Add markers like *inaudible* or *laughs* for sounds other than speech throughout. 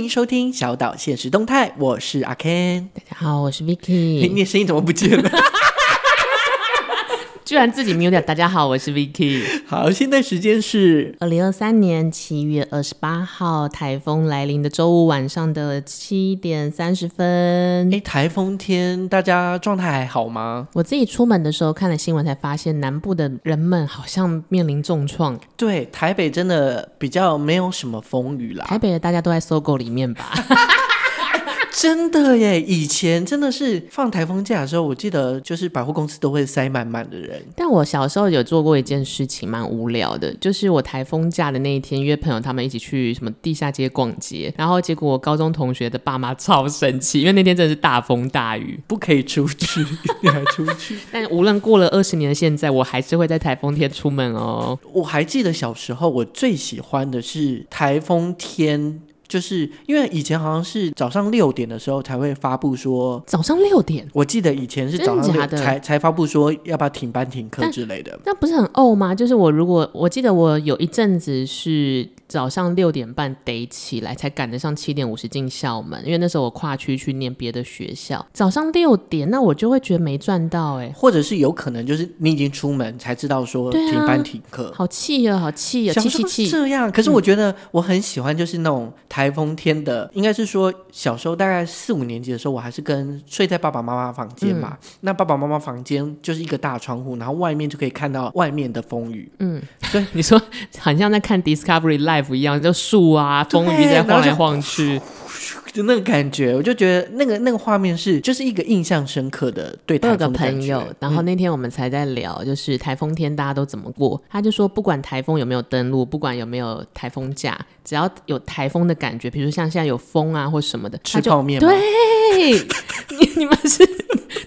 歡迎收聽小島限時動態，我是阿 Ken，大家好，我是 Vicky，你,你的聲音怎麼不見了？ *laughs* 居然自己 mute 掉！大家好，我是 Vicky。好，現在時間是二零二三年七月二十八號，颱風來臨的週五晚上的七點三十分。哎、欸，颱風天大家狀態還好嗎？我自己出門的時候看了新聞，才發現南部的人們好像面臨重創。對，台北真的比較沒有什麼風雨啦。台北的大家都在 SOGO 裡面吧？ *laughs* 真的耶！以前真的是放颱風假的時候，我記得就是百貨公司都會塞滿滿的人。但我小時候有做過一件事情，蠻無聊的，就是我颱風假的那一天約朋友他們一起去什麼地下街逛街，然後結果我高中同學的爸媽超生氣，因為那天真的是大風大雨，不可以出去， *laughs* 你還出去？ *laughs* 但無論過了二十年的現在，我還是會在颱風天出門哦。我還記得小時候我最喜歡的是颱風天。就是因為以前好像是早上六點的時候才會發布說早上六點，我記得以前是早上六點才才發布說要不要停班停課之類的，那不是很 out 嗎？就是我如果我記得我有一陣子是。早上六點半得起來，才趕得上七點五十進校門。因為那時候我跨區去念別的學校，早上六點，那我就會覺得沒賺到哎、欸，或者是有可能就是你已經出門才知道說停班停課、啊，好氣呀，好氣呀，氣氣氣！這樣，氣氣氣。可是我覺得我很喜歡，就是那種台風天的，嗯、應該是說小時候大概四五年級的時候，我還是跟睡在爸爸媽媽房間嘛，嗯、那爸爸媽媽房間就是一個大窗戶，然後外面就可以看到外面的風雨。嗯，對，你說好像在看 Discovery Live。一樣，就樹啊，對風雨在晃來晃去就、呃呃呃呃，就那個感覺，我就覺得那個那個畫面是，就是一個印象深刻的對。對，他的朋友，嗯、然後那天我們才在聊，就是台風天大家都怎麼過，他就說，不管台風有沒有登陸，不管有沒有台風假。只要有颱風的感覺，比如像現在有風啊或什麼的，吃泡麵嗎？對， *laughs* 你你們是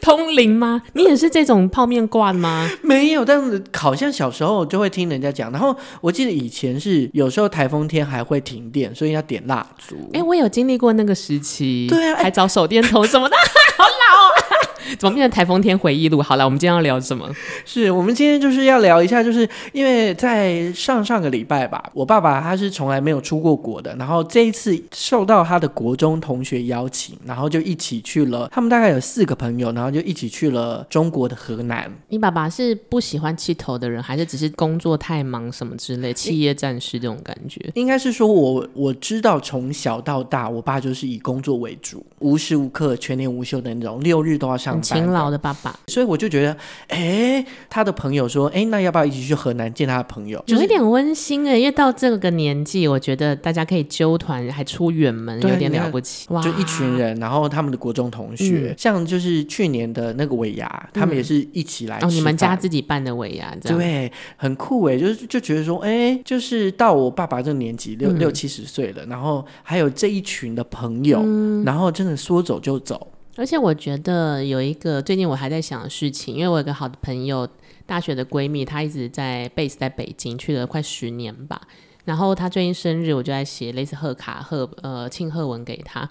通靈嗎？你也是這種泡麵罐嗎？沒有，但是好像小時候就會聽人家講，然後我記得以前是有時候颱風天還會停電，所以要點蠟燭。哎、欸，我有經歷過那個時期，對啊，還找手電筒什麼的，欸、 *laughs* 好老啊、哦。怎麼變成台風天回憶錄？好了，我們今天要聊什麼？是我們今天就是要聊一下，就是因為在上上個禮拜吧，我爸爸他是從來沒有出過國的，然後這一次受到他的國中同學邀請，然後就一起去了。他們大概有四個朋友，然後就一起去了中國的河南。你爸爸是不喜歡氣頭的人，還是只是工作太忙什麼之類？企業戰士這種感覺？應該是說，我我知道從小到大，我爸就是以工作為主，無時無刻全年無休的那種，六日都要上。很勤勞的爸爸，所以我就覺得，哎、欸，他的朋友說，哎、欸，那要不要一起去河南見他的朋友？就是、有一點溫馨哎、欸，因為到這個年紀，我覺得大家可以揪團，還出遠門，啊、有點了不起看哇就一群人，然後他們的國中同學，嗯、像就是去年的那個尾牙，嗯、他們也是一起來、哦。你們家自己辦的尾牙這樣，對，很酷哎、欸！就是就覺得說，哎、欸，就是到我爸爸這個年紀，六六七十歲了，然後還有這一群的朋友，嗯、然後真的說走就走。而且我覺得有一個最近我還在想的事情，因為我有一個好的朋友，大學的閨蜜，她一直在 base 在北京，去了快十年吧。然後她最近生日，我就在寫類似賀卡、賀、呃、慶賀文給她。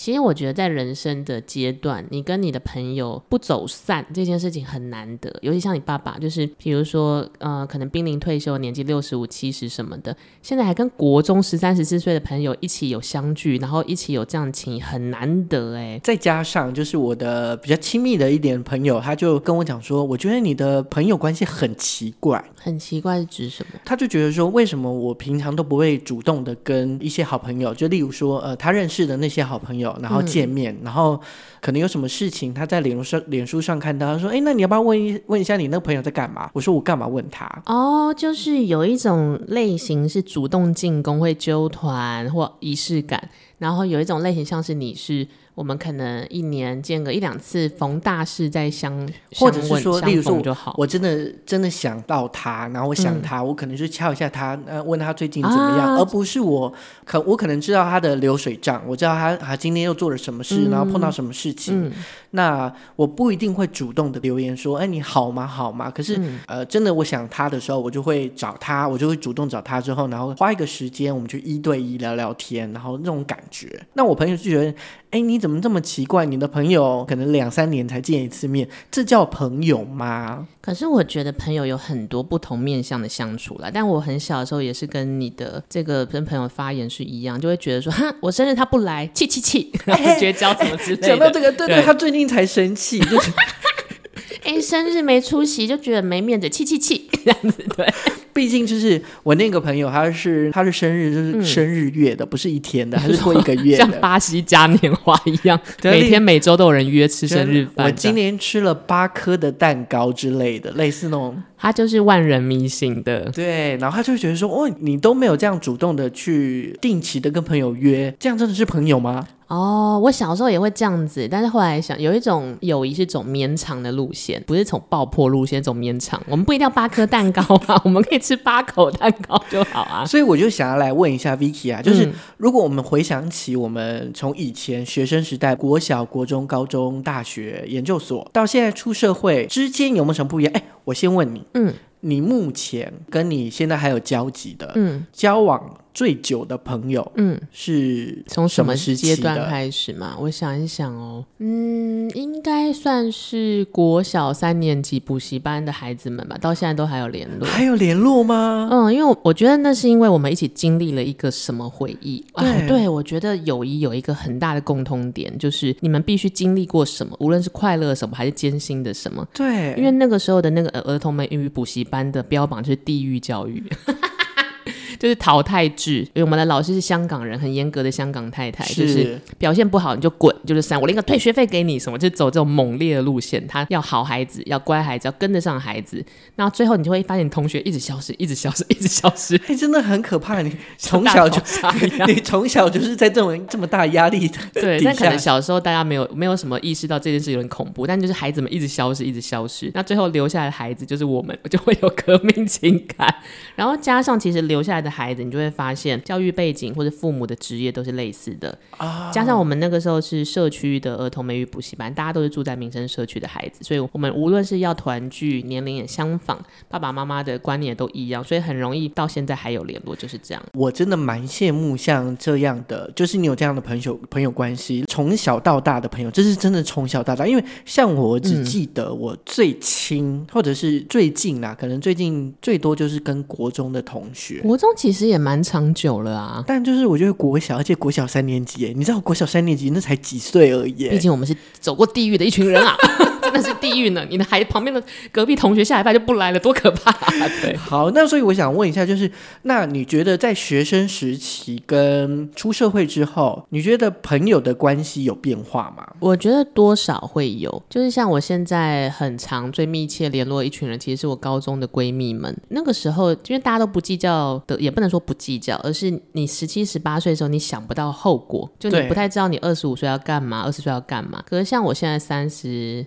其實我覺得，在人生的階段，你跟你的朋友不走散這件事情很難得，尤其像你爸爸，就是比如說，呃，可能瀕臨退休，年紀六十五、七十什麼的，現在還跟國中十三、十四歲的朋友一起有相聚，然後一起有這樣的情，很難得，誒，再加上，就是我的比較親密的一點的朋友，他就跟我講說，我覺得你的朋友關係很奇怪。很奇怪是指什麼？他就覺得說，為什麼我平常都不會主動的跟一些好朋友，就例如說，呃，他認識的那些好朋友，然後見面，嗯、然後可能有什麼事情，他在臉書臉書上看到，他說，哎、欸，那你要不要問一問一下你那個朋友在幹嘛？我說我幹嘛問他？哦，就是有一種類型是主動進攻，會揪團或儀式感，然後有一種類型像是你是。我們可能一年見個一兩次，逢大事再相，相或者是說，相逢，例如我就好。我真的真的想到他，然後我想他，嗯、我可能就敲一下他，呃，問他最近怎麼樣，啊、而不是我可我可能知道他的流水賬，我知道他他今天又做了什麼事，嗯、然後碰到什麼事情，嗯、那我不一定會主動的留言說，哎、欸，你好嗎？好嗎？可是、嗯、呃，真的我想他的時候，我就會找他，我就會主動找他，之後然後花一個時間，我們去一對一聊聊天，然後那種感覺。那我朋友就覺得。哎，你怎麼這麼奇怪？你的朋友可能兩三年才見一次面，這叫朋友嗎？可是我覺得朋友有很多不同面向的相處啦。但我很小的時候也是跟你的這個跟朋友的發言是一樣，就會覺得說，哼，我生日他不來，氣氣氣，然後絕交什麼之類、欸欸。講到這個，對對，對他最近才生氣，就是哎、欸，生日沒出席就覺得沒面子，氣氣氣這樣子對。 *laughs* 畢竟就是我那個朋友，他是他的生日就是生日月的，嗯、不是一天的，他是過一個月的，像巴西嘉年華一樣，對每天每周都有人約吃生日飯的。我今年吃了八顆的蛋糕之類的，類似那種。他就是萬人迷型的，對。然後他就覺得說：“哦，你都沒有這樣主動的去定期的跟朋友約，這樣真的是朋友嗎？”哦，oh, 我小時候也會這樣子，但是後來想，有一種友誼是走綿長的路線，不是從爆破路線走綿長。我們不一定要八顆蛋糕嘛， *laughs* 我們可以吃八口蛋糕就好啊。所以我就想要來問一下 Vicky 啊，就是、嗯、如果我們回想起我們從以前學生時代，國小、國中、高中、大學、研究所，到現在出社會之間有沒有什麼不一樣？哎、欸，我先問你，嗯，你目前跟你現在還有交集的，嗯，交往。嗯最久的朋友，嗯，是從什麼時間段開始嘛？我想一想哦，嗯，應該算是國小三年級補習班的孩子們吧，到現在都還有聯絡。還有聯絡嗎？嗯，因為我，我覺得那是因為我們一起經歷了一個什麼回憶對啊？對，我覺得友誼有一個很大的共通點，就是你們必須經歷過什麼，無論是快樂什麼，還是艱辛的什麼，對，因為那個時候的那個兒童們英語補習班的標榜就是地獄教育。 *laughs* 就是淘汰制，因為我們的老師是香港人，很嚴格的香港太太，是就是表現不好你就滾，就是三我連個退學費給你什麼，對就走這種猛烈的路線。他要好孩子，要乖孩子，要跟得上孩子，那最後你就會發現同學一直消失，一直消失，一直消失，哎、欸，真的很可怕。你從小就 *laughs* 你從小就是在這種這麼大的壓力對，下，但可能小時候大家沒有沒有什麼意識到這件事有點恐怖，但就是孩子們一直消失，一直消失，那最後留下來的孩子就是我們，就會有革命情感，然後加上其實留下來的。孩子，你就會發現教育背景或者父母的職業都是類似的。啊，oh, 加上我們那個時候是社區的兒童美語補習班，大家都是住在民生社區的孩子，所以我們無論是要團聚，年齡也相仿，爸爸媽媽的觀念也都一樣，所以很容易到現在還有聯絡。就是這樣。我真的蠻羨慕像這樣的，就是你有這樣的朋友，朋友關係，從小到大的朋友，這是真的從小到大，因為像我只記得我最親、嗯、或者是最近啦、啊，可能最近最多就是跟國中的同學，國中。其實也蠻長久了啊，但就是我覺得國小，而且國小三年級耶，耶，你知道我國小三年級那才幾歲而已，畢竟我們是走過地獄的一群人啊。 *laughs* *laughs* 那是地獄呢！你的孩子旁邊的隔壁同學下禮拜就不來了，多可怕啊！對，好，那所以我想問一下，就是那你覺得在學生時期跟出社會之後，你覺得朋友的關係有變化嗎？我覺得多少會有，就是像我現在很常，最密切聯絡一群人，其實是我高中的閨蜜們。那個時候，因為大家都不計較的，也不能說不計較，而是你十七、十八歲的時候，你想不到後果，就你不太知道你二十五歲要幹嘛，二十歲要幹嘛。可是像我現在三十。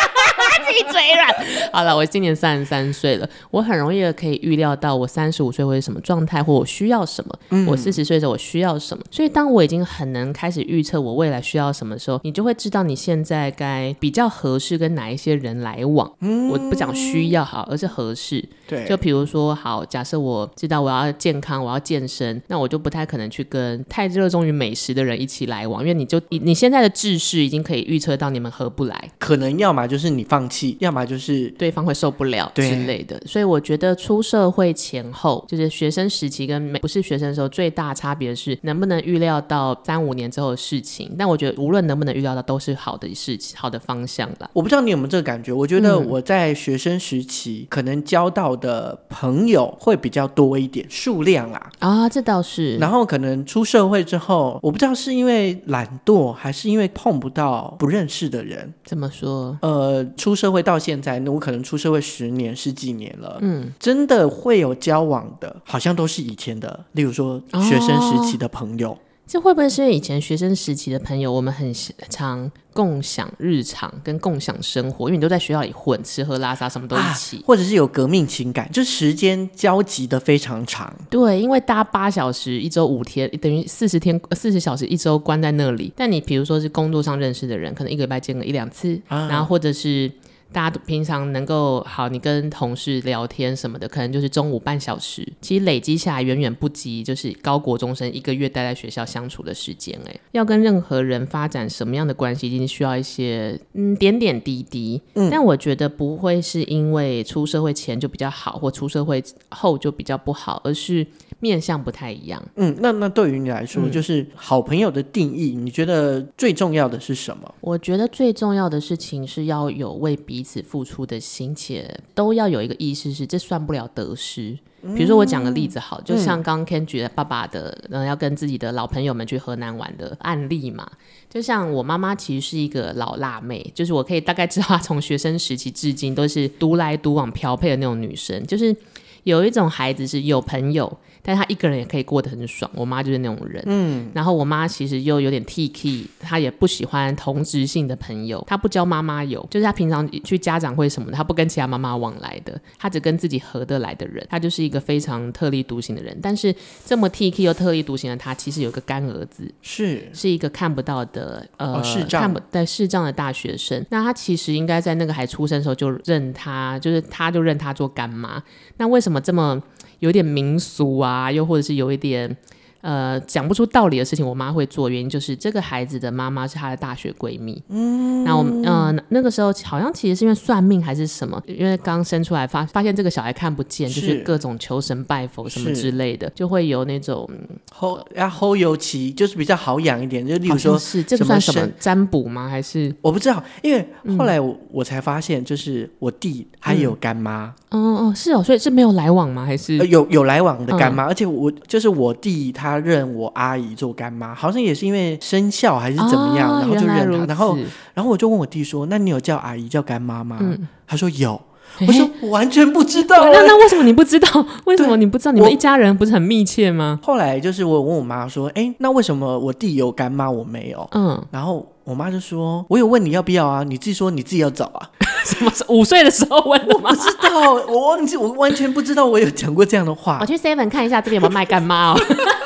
牙 *laughs* 嘴軟。好了，我今年三十三歲了，我很容易可以預料到我三十五歲會是什麼狀態，或我需要什麼。嗯，我四十歲的時候我需要什麼？嗯、所以，當我已經很能開始預測我未來需要什麼的時候，你就會知道你現在該比較合適跟哪一些人來往。嗯，我不講需要好，而是合適。對，就比如說，好，假設我知道我要健康，我要健身，那我就不太可能去跟太熱衷於美食的人一起來往，因為你就你現在的志趣已經可以預測到你們合不來。可能，要麼就是你。放棄，要麼就是對方會受不了之類的，對所以我覺得出社會前後，就是學生時期跟不是學生的時候，最大差別是能不能預料到三五年之後的事情。但我覺得無論能不能預料到，都是好的事情，好的方向吧。我不知道你有沒有這個感覺？我覺得我在學生時期、嗯、可能交到的朋友會比較多一點數量啊，啊，這倒是。然後可能出社會之後，我不知道是因為懶惰，還是因為碰不到不認識的人。怎麼說？呃。出社會到現在，那我可能出社會十年、十幾年了，嗯，真的會有交往的，好像都是以前的，例如說學生時期的朋友。哦這會不會是因為以前學生時期的朋友，我們很常共享日常跟共享生活，因為你都在學校裡混，吃喝拉撒什麼都一起，啊，或者是有革命情感，就時間交集的非常長。對，因為搭八小時，一周五天，等於四十天四十小時一周關在那裡。但你比如說是工作上認識的人，可能一個禮拜見個一兩次，啊、然後或者是。大家平常能夠好，你跟同事聊天什麼的，可能就是中午半小時。其實累積下來遠遠不及，就是高國中生一個月待在學校相處的時間。哎，要跟任何人發展什麼樣的關係，一定需要一些嗯點點滴滴。嗯、但我覺得不會是因為出社會前就比較好，或出社會後就比較不好，而是。面相不太一樣。嗯，那那對於你來說，嗯、就是好朋友的定義，你覺得最重要的是什麼？我覺得最重要的事情是要有為彼此付出的心，且都要有一個意識是這算不了得失。比如說我講個例子，好，嗯、就像剛剛 Ken 舉的爸爸的，嗯，嗯，要跟自己的老朋友們去河南玩的案例嘛。就像我媽媽其實是一個老辣妹，就是我可以大概知道，她從學生時期至今都是獨來獨往、漂配的那種女生。就是有一種孩子，是有朋友。但她一個人也可以過得很爽。我媽就是那種人，嗯，然後我媽其實又有點 Tiky，她也不喜歡同質性的朋友，她不交媽媽友，就是她平常去家長會什麼的，她不跟其他媽媽往來的，她只跟自己合得來的人。她就是一個非常特立獨行的人。但是這麼 Tiky 又特立獨行的她，其實有個乾兒子，是是一個看不到的呃，哦、視障看不對，視障的大學生。那她其實應該在那個孩子出生的時候就認她，就是她就認她做乾媽。那為什麼這麼？有點民俗啊，又或者是有一點。呃，講不出道理的事情，我媽會做。原因就是這個孩子的媽媽是她的大學閨蜜。嗯，那我嗯、呃，那個時候好像其實是因為算命還是什麼，因為剛生出來發發現這個小孩看不見，是就是各種求神拜佛什麼之類的，是就會有那種後然後尤其就是比較好養一點，就例如說是，這個、算什麼，什麼占卜嗎？還是我不知道，因為後來我、嗯、我才發現，就是我弟還有乾媽。哦哦哦，是哦，所以是沒有來往嗎？還是、呃、有有來往的乾媽？嗯、而且我就是我弟他。他認我阿姨做乾媽，好像也是因為生肖還是怎麼樣，哦、然後就認他。然後，然後我就問我弟說：“那你有叫阿姨叫乾媽,媽嗎？”嗯、他說：“有。欸”我說：“我完全不知道。欸”那那,那為什麼你不知道？為什麼你不知道？對你們一家人不是很密切嗎？後來就是我問我媽說：“哎、欸，那為什麼我弟有乾媽我沒有？”嗯，然後我媽就說：“我有問你要不要啊？你自己說你自己要找啊。” *laughs* 什麼？五歲的時候問媽媽我不知道，我忘記，我完全不知道我有講過這樣的話。 *laughs* 我去 Seven 看一下這邊有沒有賣乾媽哦。 *laughs*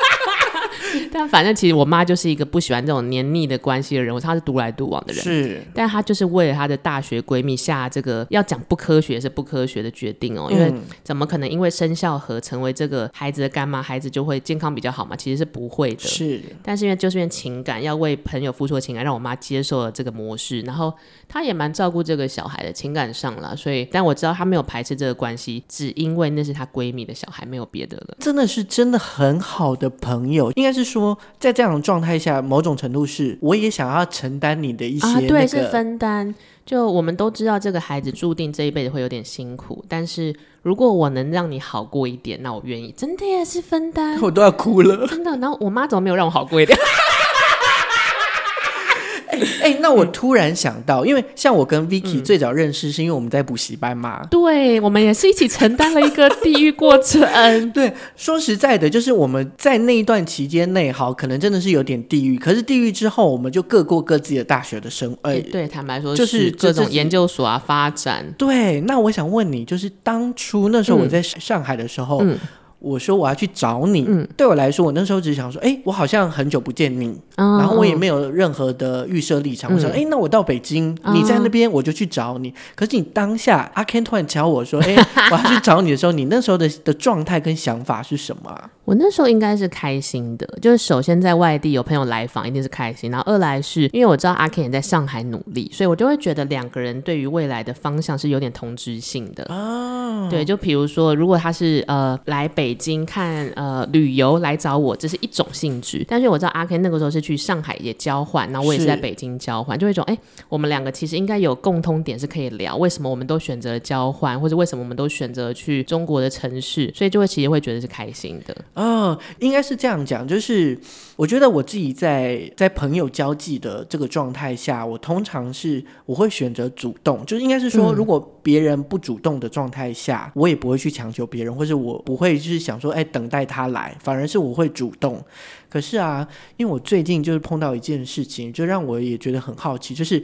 反正其實我媽就是一個不喜歡這種黏膩的關係的人，我說她是獨來獨往的人。是，但她就是為了她的大學閨蜜下這個要講不科學是不科學的決定哦，因為怎麼可能因為生肖和成為這個孩子的乾媽，孩子就會健康比較好嘛？其實是不會的。是，但是因為就是因為情感，要為朋友付出的情感，讓我媽接受了這個模式，然後。她也蠻照顧這個小孩的情感上啦，所以，但我知道她沒有排斥這個關係，只因為那是她閨蜜的小孩，沒有別的了。真的是真的很好的朋友，應該是說，在這樣的狀態下，某種程度是，我也想要承擔你的一些、那個啊、對，是分擔。就我們都知道，這個孩子注定這一輩子會有點辛苦，但是如果我能讓你好過一點，那我願意，真的也是分擔，我都要哭了，真的。然後我媽怎麼沒有讓我好過一點？ *laughs* 哎、 *laughs* 欸，那我突然想到，嗯、因為像我跟 Vicky 最早認識，是因為我們在補習班嘛。對，我們也是一起承擔了一個地獄過程。 *laughs* 對。說實在的，就是我們在那一段期間內，好，可能真的是有點地獄。可是地獄之後，我們就各過各自的大學的生。哎、呃欸，對，坦白說，就是、就是、各種研究所啊，就是、發展。對，那我想問你，就是當初那時候我在上海的時候。嗯嗯我說我要去找你，嗯、對我來說，我那時候只想說，哎，我好像很久不見你，嗯、然後我也沒有任何的預設立場。嗯、我說，哎，那我到北京，嗯、你在那邊，我就去找你。嗯、可是你當下，阿 Ken、啊、突然敲我說，哎，我要去找你的時候， *laughs* 你那時候的的狀態跟想法是什麼、啊？我那時候應該是開心的，就是首先在外地有朋友來訪，一定是開心。然後二來是因為我知道阿 Ken 也在上海努力，所以我就會覺得兩個人對於未來的方向是有點同質性的啊。對，就比如說，如果他是呃來北京看呃旅遊來找我，這是一種性質。但是我知道阿 K 那個時候是去上海也交換，然後我也是在北京交換，是就會一種哎，我們兩個其實應該有共通點是可以聊，為什麼我們都選擇交換，或者為什麼我們都選擇去中國的城市，所以就會其實會覺得是開心的。啊、哦，應該是這樣講，就是。我覺得我自己在在朋友交際的這個狀態下，我通常是我會選擇主動，就應該是說，如果別人不主動的狀態下，嗯、我也不會去強求別人，或者我不會就是想說，哎、欸，等待他來，反而是我會主動。可是啊，因為我最近就是碰到一件事情，就讓我也覺得很好奇，就是。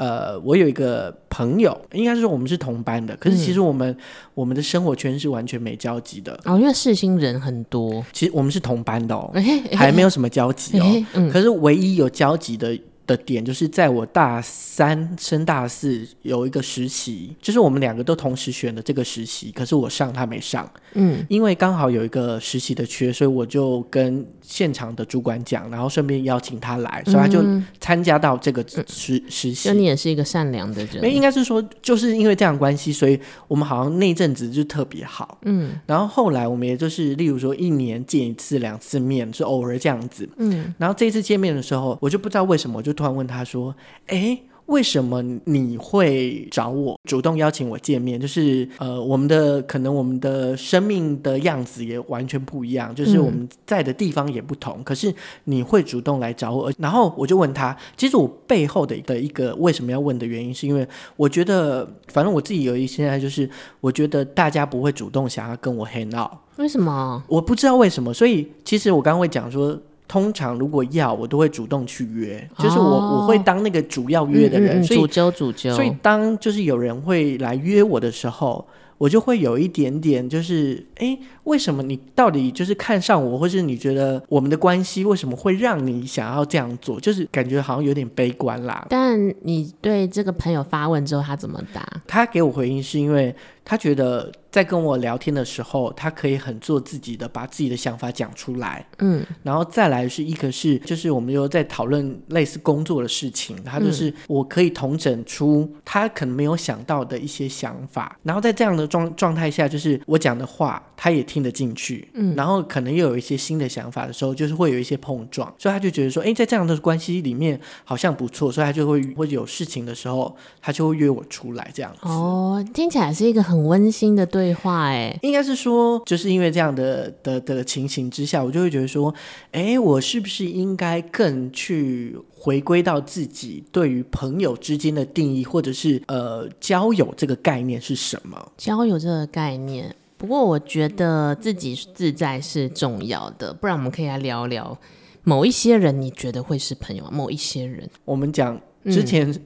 呃，我有一個朋友，應該是說我們是同班的，可是其實我們、嗯、我們的生活圈是完全沒交集的哦，因為世新人很多，其實我們是同班的哦、喔，欸、嘿嘿還沒有什麼交集哦、喔，欸欸嗯、可是唯一有交集的。的點就是在我大三升大四有一個實習，就是我們兩個都同時選的這個實習，可是我上他沒上，嗯，因為剛好有一個實習的缺，所以我就跟現場的主管講，然後順便邀請他來，所以他就參加到這個實實習。那、嗯嗯、你也是一個善良的人，沒應該是說就是因為這樣關係，所以我們好像那陣子就特別好，嗯，然後後來我們也就是例如說一年見一次兩次面，是偶爾這樣子，嗯，然後這一次見面的時候，我就不知道為什麼我就。突然問他說：“誒，為什麼你會找我主動邀請我見面？就是呃，我們的可能我們的生命的樣子也完全不一樣，就是我們在的地方也不同。嗯、可是你會主動來找我，然後我就問他。其實我背後的一個為什麼要問的原因，是因為我覺得，反正我自己有一些，現在就是我覺得大家不會主動想要跟我 h a n u 為什麼？我不知道為什麼。所以其實我剛剛會講說。”通常如果要我都會主動去約，就是我、oh, 我會當那個主要約的人，嗯、所以、嗯、主揪主揪。所以當就是有人會來約我的時候，我就會有一點點就是，誒，為什麼你到底就是看上我，或是你覺得我們的關係為什麼會讓你想要這樣做？就是感覺好像有點悲觀啦。但你對這個朋友發問之後，他怎麼答？他給我回應是因為他覺得。在跟我聊天的時候，他可以很做自己的，把自己的想法講出來。嗯，然後再來是一個是，就是我們又在討論類似工作的事情，他就是我可以統整出他可能沒有想到的一些想法。嗯、然後在這樣的狀狀態下，就是我講的話他也聽得進去。嗯，然後可能又有一些新的想法的時候，就是會有一些碰撞，所以他就覺得說，哎，在這樣的關係裡面好像不錯，所以他就會或者有事情的時候，他就會約我出來這樣子。哦，聽起來是一個很溫馨的對。對話應該是說，就是因為這樣的的的情形之下，我就會覺得說，誒、欸，我是不是應該更去回歸到自己對於朋友之間的定義，或者是呃，交友這個概念是什麼？交友這個概念，不過我覺得自己自在是重要的，不然我們可以來聊聊某一些人，你覺得會是朋友嗎？某一些人，我們講之前。嗯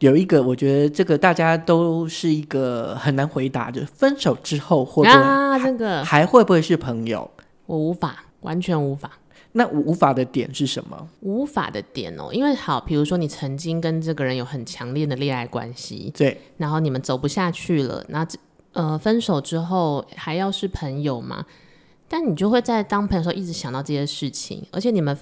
有一個，我覺得這個大家都是一個很難回答的，就分手之後或者，啊，這個還會不會是朋友？我無法，完全無法。那無法的點是什麼？無法的點哦，因為好，比如說你曾經跟這個人有很強烈的戀愛關係，對，然後你們走不下去了，那呃，分手之後還要是朋友嗎？但你就會在當朋友的時候一直想到這些事情，而且你們。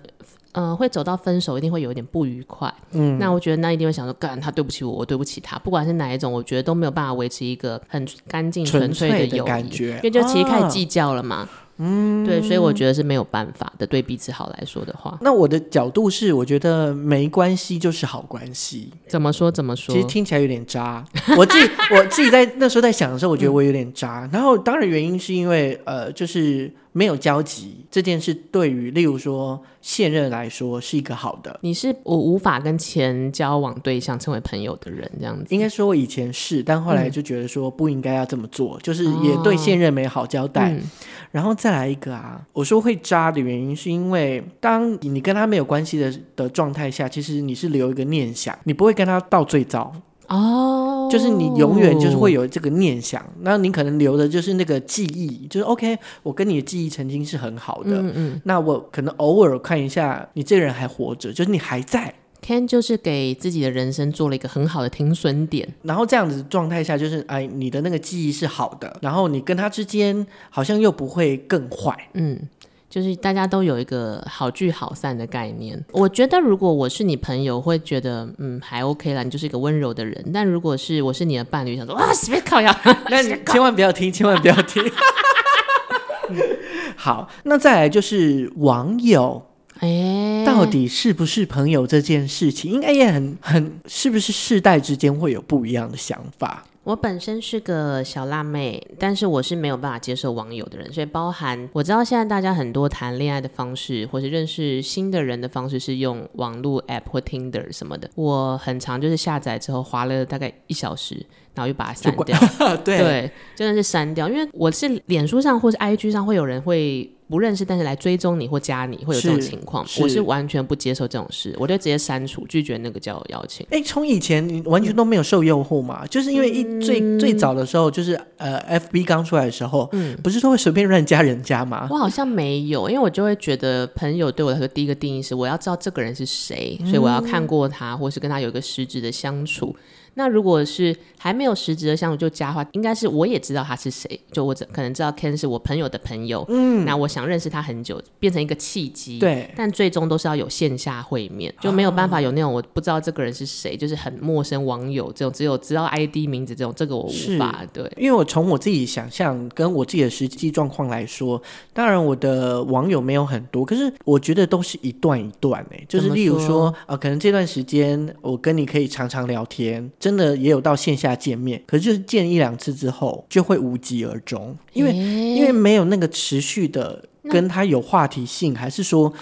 呃，會走到分手，一定會有一點不愉快。嗯，那我覺得那一定會想說，幹，他對不起我，我對不起他。不管是哪一種，我覺得都沒有辦法維持一個很乾淨純粹的友誼，純粹的感覺，因為就其實開始計較了嘛。啊、嗯，對，所以我覺得是沒有辦法的。對彼此好來說的話，那我的角度是，我覺得沒關係就是好關係。怎麼說？怎麼說？其實聽起來有點渣。 *laughs* 我自己我自己在那時候在想的時候，我覺得我有點渣。嗯、然後當然原因是因為呃，就是。沒有交集這件事，對於例如說現任來說是一個好的。你是我無法跟前交往對象成為朋友的人，這樣子應該說，我以前是，但後來就覺得說不應該要這麼做，嗯、就是也對現任沒好交代。哦嗯、然後再來一個啊，我說會渣的原因是因為當你跟他沒有關係的的狀態下，其實你是留一個念想，你不會跟他到最糟，哦，oh, 就是你永遠就是會有這個念想，那、哦、你可能留的就是那個記憶，就是 OK，我跟你的記憶曾經是很好的，嗯，嗯，那我可能偶爾看一下你這個人還活着，就是你還在。Can 就是給自己的人生做了一個很好的停損點，然後這樣子狀態下就是哎，你的那個記憶是好的，然後你跟他之間好像又不會更壞，嗯。就是大家都有一個好聚好散的概念。我覺得如果我是你朋友，會覺得嗯還 OK 啦，你就是一個溫柔的人。但如果是我是你的伴侶，想說啊隨便靠一下，那你 *laughs* *laughs* 千萬不要聽，千萬不要聽。 *laughs* *laughs* 嗯、好，那再來就是網友，哎、欸，到底是不是朋友這件事情，應該也很很，是不是世代之間會有不一樣的想法？我本身是個小辣妹，但是我是沒有辦法接受網友的人，所以包含我知道現在大家很多談戀愛的方式，或是認識新的人的方式是用網絡 app 或 Tinder 什麼的。我很常就是下載之後滑了大概一小時，然後又把它刪掉，怪對，真的 *laughs* 對是刪掉，因為我是臉書上或是 IG 上會有人會。不認識，但是來追蹤你或加你，會有這種情況，是是我是完全不接受這種事，我就直接刪除拒絕那個交友邀請。哎、欸，從以前完全都沒有受誘惑嘛？嗯、就是因為一最最早的時候，就是呃，FB 剛出來的時候，嗯、不是說會隨便亂加人家嗎？我好像沒有，因為我就會覺得朋友對我來說第一個定義是我要知道這個人是誰，所以我要看過他，嗯、或是跟他有一個實質的相處。那如果是還沒有實質的相處就加話，應該是我也知道他是誰，就我只可能知道 Ken 是我朋友的朋友，嗯，那我想認識他很久，變成一個契機，對，但最終都是要有線下會面，哦、就沒有辦法有那種我不知道這個人是誰，就是很陌生網友這種，只有知道 ID 名字這種，這個我無法是對，因為我從我自己想象跟我自己的實際狀況來說，當然我的網友沒有很多，可是我覺得都是一段一段哎，就是例如說啊、呃，可能這段時間我跟你可以常常聊天，真的也有到線下。見面，可是就是見了一兩次之後就會無疾而終，因為、欸、因為沒有那個持續的跟他有話題性，那還是說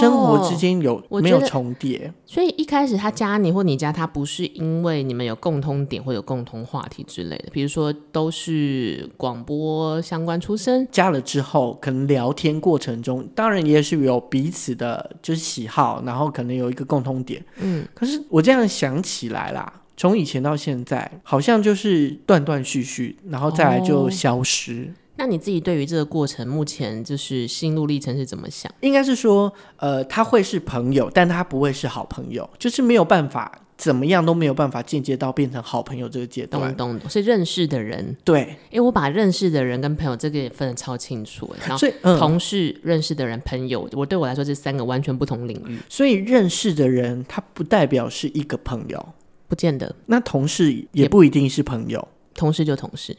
生活之間有沒有重疊、哦？所以一開始他加你或你加他，不是因為你們有共通點或有共通話題之類的，比如說都是廣播相關出身，加了之後可能聊天過程中，當然也是有彼此的就是喜好，然後可能有一個共通點。嗯，可是我這樣想起來啦。從以前到現在，好像就是斷斷續續，然後再來就消失、哦。那你自己對於這個過程，目前就是心路歷程是怎麼想？應該是說，呃，他會是朋友，但他不會是好朋友，就是沒有辦法怎麼樣都沒有辦法進階到變成好朋友這個階段。懂懂是認識的人。對，因為我把認識的人跟朋友這個也分得超清楚，然後同事、所以呃、認識的人、朋友，我對我來說是三個完全不同領域。所以認識的人，他不代表是一個朋友。不見得，那同事也不一定是朋友，同事就同事。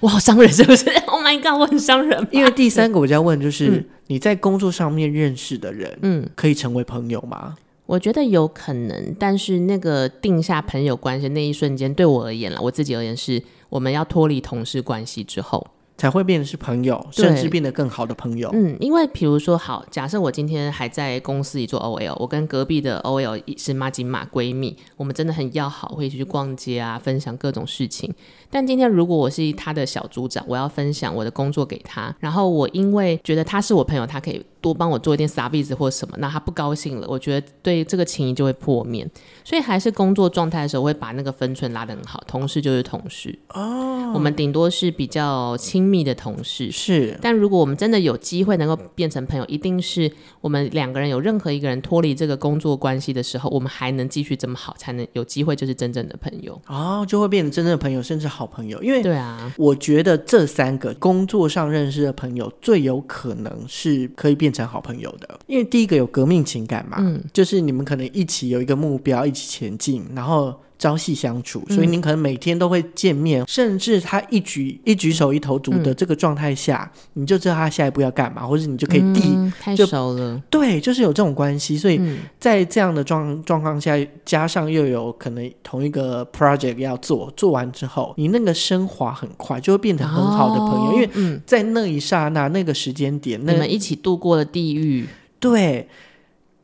哇，傷人是不是？Oh my god，我很傷人。因為第三個我就要問，就是、嗯、你在工作上面認識的人，嗯，可以成為朋友嗎、嗯？我覺得有可能，但是那個定下朋友關係那一瞬間，對我而言了，我自己而言是，我們要脫離同事關係之後。才會變得是朋友，甚至變得更好的朋友。嗯，因為比如說，好，假設我今天還在公司裡做 OL，我跟隔壁的 OL 是麻吉麻閨蜜，我們真的很要好，會一起去逛街啊，分享各種事情。但今天如果我是他的小組長，我要分享我的工作給他，然後我因為覺得他是我朋友，他可以。多幫我做一點 service 或者什麼，那他不高興了，我覺得對這個情誼就會破滅。所以還是工作狀態的時候，會把那個分寸拉得很好。同事就是同事哦，oh, 我們頂多是比較親密的同事是。但如果我們真的有機會能夠變成朋友，一定是我們兩個人有任何一個人脫離這個工作關係的時候，我們還能繼續這麼好，才能有機會就是真正的朋友啊，oh, 就會變成真正的朋友，甚至好朋友。因為對啊，我覺得這三個工作上認識的朋友最有可能是可以變。變成好朋友的，因為第一個有革命情感嘛，嗯，就是你們可能一起有一個目標，一起前進，然後，朝夕相處，所以你可能每天都會見面，嗯、甚至他一舉一舉手一投足的這個狀態下，嗯、你就知道他下一步要幹嘛，或者你就可以地、嗯、太少了就，對，就是有這種關係，所以在這樣的狀狀況下，嗯、加上又有可能同一個 project 要做，做完之後，你那個升華很快，就會變成很好的朋友，哦、因為在那一剎那、那個時間點，那你們一起度過了地獄。對，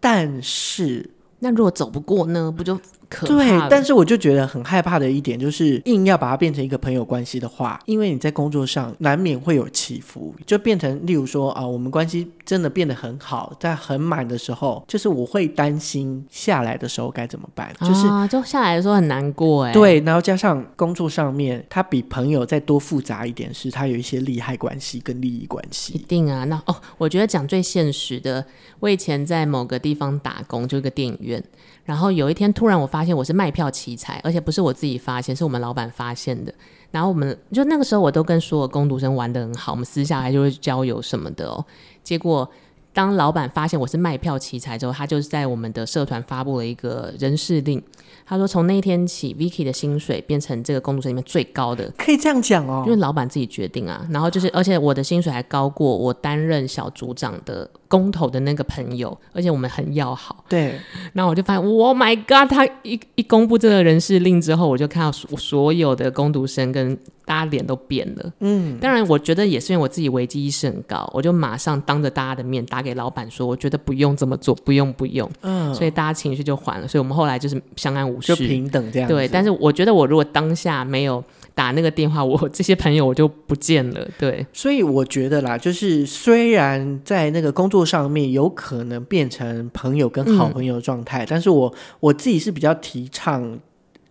但是那如果走不過呢，不就對，但是我就覺得很害怕的一點就是，硬要把它變成一個朋友關係的話，因為你在工作上難免會有起伏，就變成例如說啊、哦，我們關係真的變得很好，在很滿的時候，就是我會擔心下來的時候該怎麼辦，就是啊，就下來的時候很難過哎。對，然後加上工作上面，他比朋友再多複雜一點，是他有一些利害關係跟利益關係。一定啊，那哦，我覺得講最現實的，我以前在某個地方打工，就一個電影院，然後有一天突然我發。發現我是賣票奇才，而且不是我自己發現，是我們老板發現的。然後我們就那個時候，我都跟所有工讀生玩得很好，我們私下來就會交友什麼的哦。結果當老板發現我是賣票奇才之後，他就是在我們的社團發布了一個人事令，他說從那天起，Vicky 的薪水變成這個工讀生裡面最高的，可以這樣講哦，因為老板自己決定啊。然後就是，好而且我的薪水還高過我擔任小組長的。公投的那個朋友，而且我們很要好。對，那我就發現，Oh my God！他一一公布這個人事令之後，我就看到所所有的工讀生跟。大家臉都變了，嗯，當然，我覺得也是因為我自己危機意識很高，我就馬上當着大家的面打給老板說，我覺得不用這麼做，不用，不用，嗯，所以大家情緒就緩了，所以我們後來就是相安無事，就平等這樣子，對。但是我覺得，我如果當下沒有打那個電話，我這些朋友我就不見了，對。所以我覺得啦，就是雖然在那個工作上面有可能變成朋友跟好朋友的狀態，嗯，但是我我自己是比較提倡。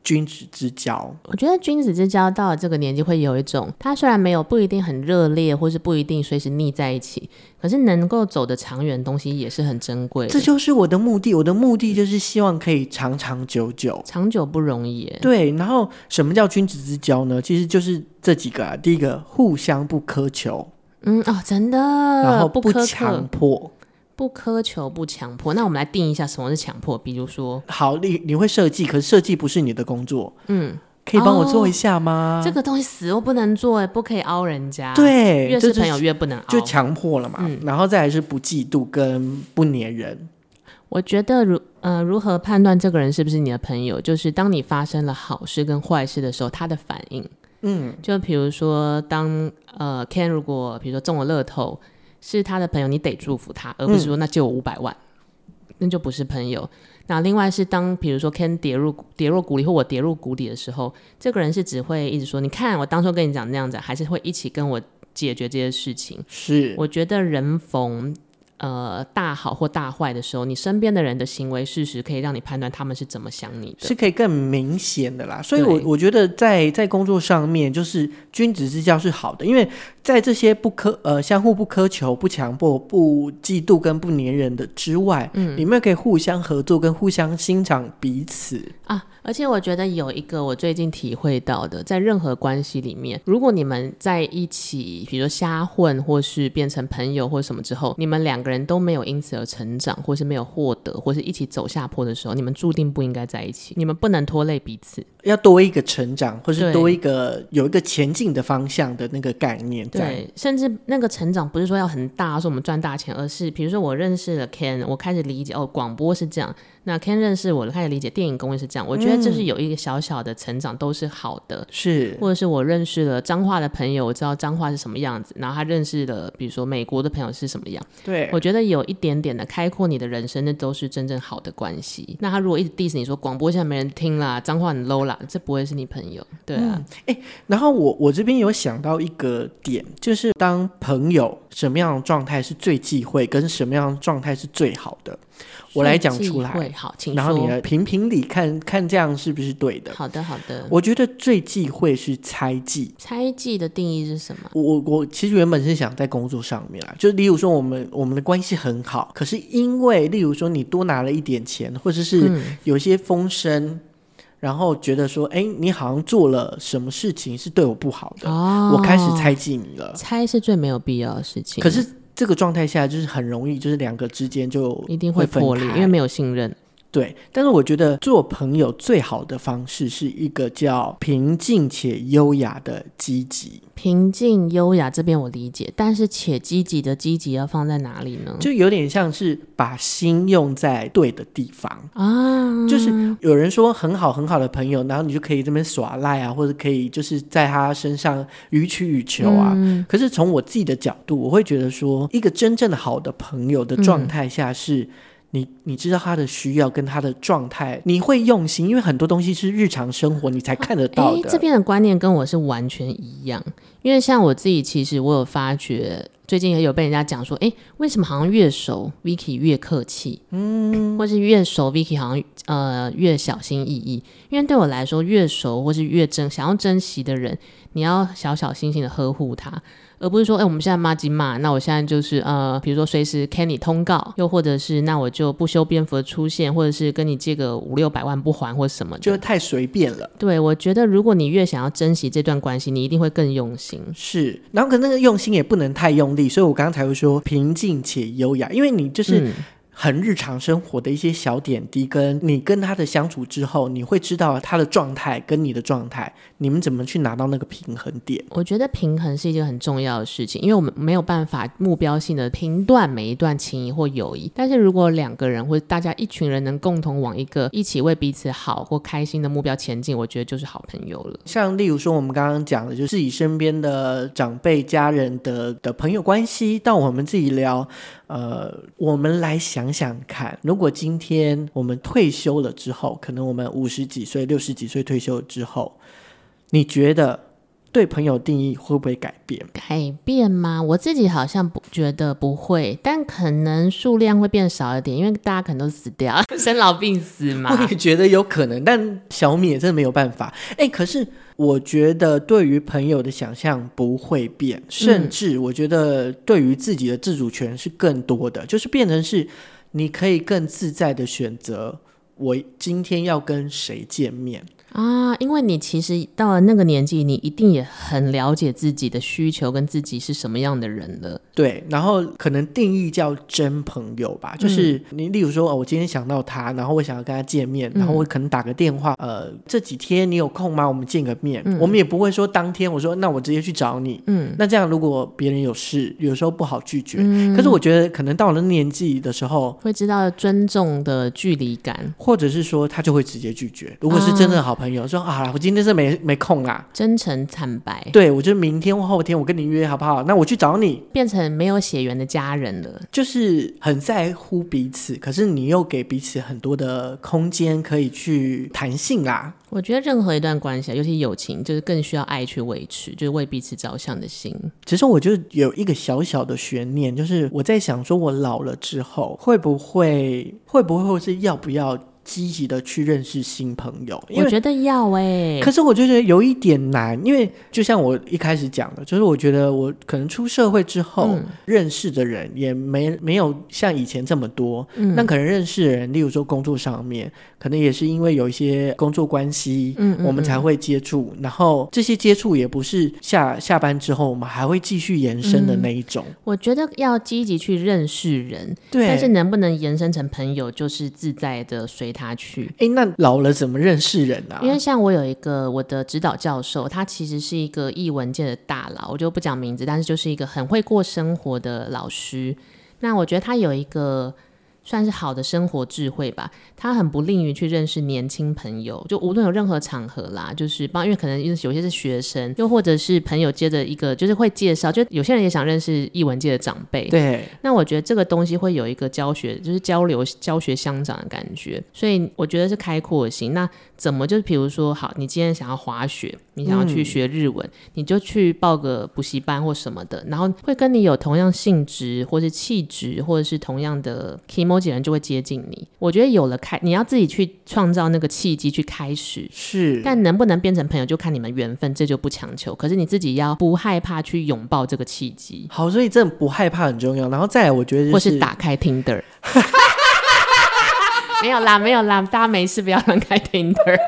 君子之交，我覺得君子之交到了這個年紀會有一種，他雖然沒有不一定很熱烈，或是不一定隨時膩在一起，可是能夠走得長遠的東西也是很珍貴。這就是我的目的，我的目的就是希望可以長長久久，嗯、長久不容易。對，然後什麼叫君子之交呢？其實就是這幾個啊，第一個互相不苛求，嗯哦，真的，然後不苛刻，不強迫。不苛求，不強迫。那我們來定一下什麼是強迫，比如說，好，你你會設計，可是設計不是你的工作，嗯，可以幫我做一下嗎？哦，這個東西死，我不能做，哎，不可以凹人家，對，越是朋友越不能凹，就強迫了嘛。嗯，然後再來是不嫉妒跟不粘人。我覺得如呃，如何判斷這個人是不是你的朋友，就是當你發生了好事跟壞事的時候，他的反應，嗯，就比如說當呃，Ken 如果比如說中了樂透。是他的朋友，你得祝福他，而不是說那借我五百萬，嗯、那就不是朋友。那另外是當比如說 can 跌入跌入谷底，或我跌入谷底的時候，這個人是只會一直說你看我當初跟你講那樣子，還是會一起跟我解決這些事情。是，我覺得人逢呃大好或大壞的時候，你身邊的人的行為事實可以讓你判斷他們是怎麼想你的，是可以更明顯的啦。所以我對我覺得在在工作上面，就是君子之交是好的，因為。在這些不苛，呃，相互不苛求、不強迫、不嫉妒跟不粘人的之外，嗯，你們可以互相合作跟互相欣賞彼此啊。而且我覺得有一個我最近體會到的，在任何關係裡面，如果你們在一起，比如說瞎混或是變成朋友或什麼之後，你們兩個人都沒有因此而成長，或是沒有獲得，或是一起走下坡的時候，你們注定不應該在一起。你們不能拖累彼此，要多一個成長，或是多一個有一個前進的方向的那個概念。對，樣甚至那個成長不是說要很大，說我們賺大錢，而是比如說我認識了 Ken，我開始理解，哦，廣播是這樣。那 Ken 認識我，開始理解電影工業是這樣。我覺得這是有一個小小的成長，都是好的。嗯、是，或者是我認識了彰化的朋友，我知道彰化是什麼樣子。然後他認識了，比如說美國的朋友是什麼樣。對，我覺得有一點點的開闊你的人生，那都是真正好的關係。那他如果一直 diss 你說，廣播現在沒人聽啦，彰化很 low 啦，這不會是你朋友，對啊。嗯欸、然後我我這邊有想到一個點，就是當朋友什麼樣的狀態是最忌諱，跟什麼樣的狀態是最好的。我來講出來，然後你來評評理，看看，看這樣是不是對的？好的，好的。我覺得最忌諱是猜忌。猜忌的定義是什麼？我我其實原本是想在工作上面啊，就例如說我們我們的關係很好，可是因為例如說你多拿了一點錢，或者是有些風聲，嗯、然後覺得說，哎、欸，你好像做了什麼事情是對我不好的，哦、我開始猜忌你了。猜是最沒有必要的事情，可是。這個狀態下就是很容易，就是兩個之間就一定會破裂，因為沒有信任。對，但是我覺得做朋友最好的方式是一個叫平靜且優雅的積極。平靜優雅這邊我理解，但是且積極的積極要放在哪裡呢？就有點像是把心用在對的地方啊。就是有人說很好很好的朋友，然後你就可以這邊耍賴啊，或者可以就是在他身上予取予求啊。嗯、可是從我自己的角度，我會覺得說，一個真正的好的朋友的狀態下是、嗯。你你知道他的需要跟他的狀態，你會用心，因為很多東西是日常生活你才看得到的。啊，欸、這邊的觀念跟我是完全一樣，因為像我自己，其實我有發覺，最近也有被人家講說，哎、欸，為什麼好像越熟，Vicky 越客氣，嗯，或是越熟，Vicky 好像呃越小心翼翼。因為對我來說，越熟或是越珍想要珍惜的人，你要小小心小心的呵護他。而不是說，哎、欸，我們現在麻吉嘛，那我現在就是呃，比如說隨時 can 你通告，又或者是那我就不修邊幅的出現，或者是跟你借個五六百萬不還或者什麼的，就太隨便了。對，我覺得如果你越想要珍惜這段關係，你一定會更用心。是，然後可能那個用心也不能太用力，所以我剛才會說平靜且優雅，因為你就是。嗯很日常生活的一些小點滴，跟你跟他的相處之後，你會知道他的狀態跟你的狀態，你們怎麼去拿到那個平衡點？我覺得平衡是一件很重要的事情，因為我們沒有辦法目標性的評斷每一段情誼或友誼，但是如果兩個人或大家一群人能共同往一個一起為彼此好或開心的目標前進，我覺得就是好朋友了。像例如說，我們剛剛講的就是自己身邊的長輩、家人的的朋友關係，到我們自己聊。呃，我們來想想看，如果今天我們退休了之後，可能我們五十幾歲、六十幾歲退休之後，你覺得對朋友定義會不會改變？改變嗎？我自己好像不覺得不會，但可能數量會變少一點，因為大家可能都死掉， *laughs* 生老病死嘛。我也覺得有可能，但小米也真的沒有辦法。哎、欸，可是。我覺得對於朋友的想象不會變，甚至我覺得對於自己的自主權是更多的，嗯、就是變成是你可以更自在的選擇，我今天要跟誰見面。啊，因為你其實到了那個年紀，你一定也很了解自己的需求跟自己是什麼樣的人了。對，然後可能定義叫真朋友吧，嗯、就是你，例如說、呃，我今天想到他，然後我想要跟他見面，然後我可能打個電話，嗯、呃，這幾天你有空嗎？我們見個面。嗯、我們也不會說當天我說那我直接去找你。嗯，那這樣如果別人有事，有時候不好拒絕。嗯、可是我覺得可能到了年紀的時候，會知道尊重的距離感，或者是說他就會直接拒絕。如果是真的好朋友。啊朋友說：“啊，我今天是沒沒空啦、啊。”真誠坦白，對，我就明天或後天我跟你約好不好？那我去找你，變成沒有血緣的家人了，就是很在乎彼此，可是你又給彼此很多的空間可以去彈性啦、啊。我覺得任何一段關係，尤其友情，就是更需要愛去維持，就是為彼此着想的心。其實我就有一個小小的懸念，就是我在想，說我老了之後，會不會，會不會，或是要不要？積極的去認識新朋友，我覺得要哎、欸，可是我就覺得有一點難，因為就像我一開始講的，就是我覺得我可能出社會之後、嗯、認識的人也沒沒有像以前這麼多，那、嗯、可能認識的人，例如說工作上面，可能也是因為有一些工作關係，嗯、嗯、嗯，我們才會接觸，然後這些接觸也不是下下班之後我們還會繼續延伸的那一種。嗯、我覺得要積極去認識人，對，但是能不能延伸成朋友，就是自在的隨。他去，哎、欸，那老了怎麼認識人啊？因為像我有一個我的指導教授，他其實是一個藝文界的大佬，我就不講名字，但是就是一個很會過生活的老師。那我覺得他有一個。算是好的生活智慧吧，他很不吝於去認識年輕朋友，就無論有任何場合啦，就是幫，因為可能有些是學生，又或者是朋友接着一個就是會介紹，就有些人也想認識藝文界的長輩。對，那我覺得這個東西會有一個教學，就是交流教學相長的感覺，所以我覺得是開闊型。那怎麼就是比如說，好，你今天想要滑雪？你想要去學日文，嗯、你就去報個補習班或什麼的，然後會跟你有同樣性質，或是氣質，或者是同樣的 kimochi 人就會接近你。我覺得有了開，你要自己去創造那個契機去開始。是，但能不能變成朋友就看你們緣分，這就不強求。可是你自己要不害怕去擁抱這個契機。好，所以這種不害怕很重要。然後再來，我覺得、就是、或是打開 Tinder。沒有啦，沒有啦，大家沒事不要亂開 Tinder。 *laughs*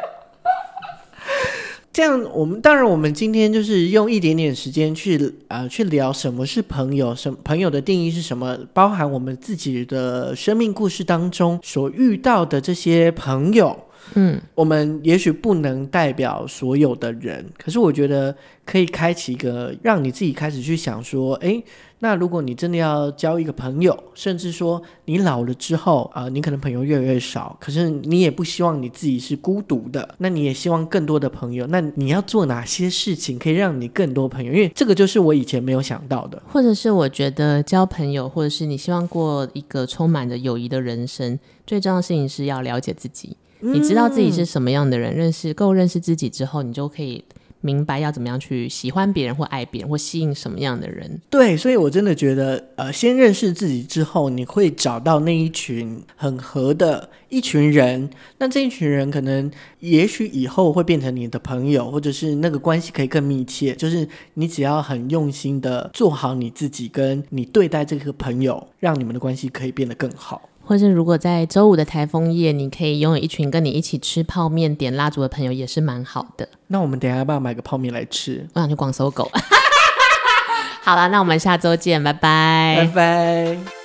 這樣，我們當然，我們今天就是用一點點時間去啊、呃，去聊什麼是朋友，什麼朋友的定義是什麼，包含我們自己的生命故事當中所遇到的這些朋友。嗯，我們也許不能代表所有的人，可是我覺得可以開啟一個，讓你自己開始去想說，誒，那如果你真的要交一個朋友，甚至說你老了之後啊，你可能朋友越來越少，可是你也不希望你自己是孤獨的，那你也希望更多的朋友，那你要做哪些事情可以讓你更多朋友？因為這個就是我以前沒有想到的，或者是我覺得交朋友，或者是你希望過一個充滿着友誼的人生，最重要的事情是要了解自己。 *noise* 你知道自己是什麼樣的人，認識夠認識自己之後，你就可以明白要怎麼樣去喜歡別人或愛別人或吸引什麼樣的人。對，所以我真的覺得，呃，先認識自己之後，你會找到那一群很合的一群人。那這一群人可能，也許以後會變成你的朋友，或者是那個關係可以更密切。就是你只要很用心的做好你自己，跟你對待這個朋友，讓你們的關係可以變得更好。或是如果在週五的台風夜，你可以擁有一群跟你一起吃泡麵、點蠟燭的朋友，也是蠻好的。那我們等一下要不要買個泡麵來吃？我想去逛搜狗。 *laughs* *laughs* *laughs* 好了，那我們下週見，拜拜 *laughs* bye，拜拜。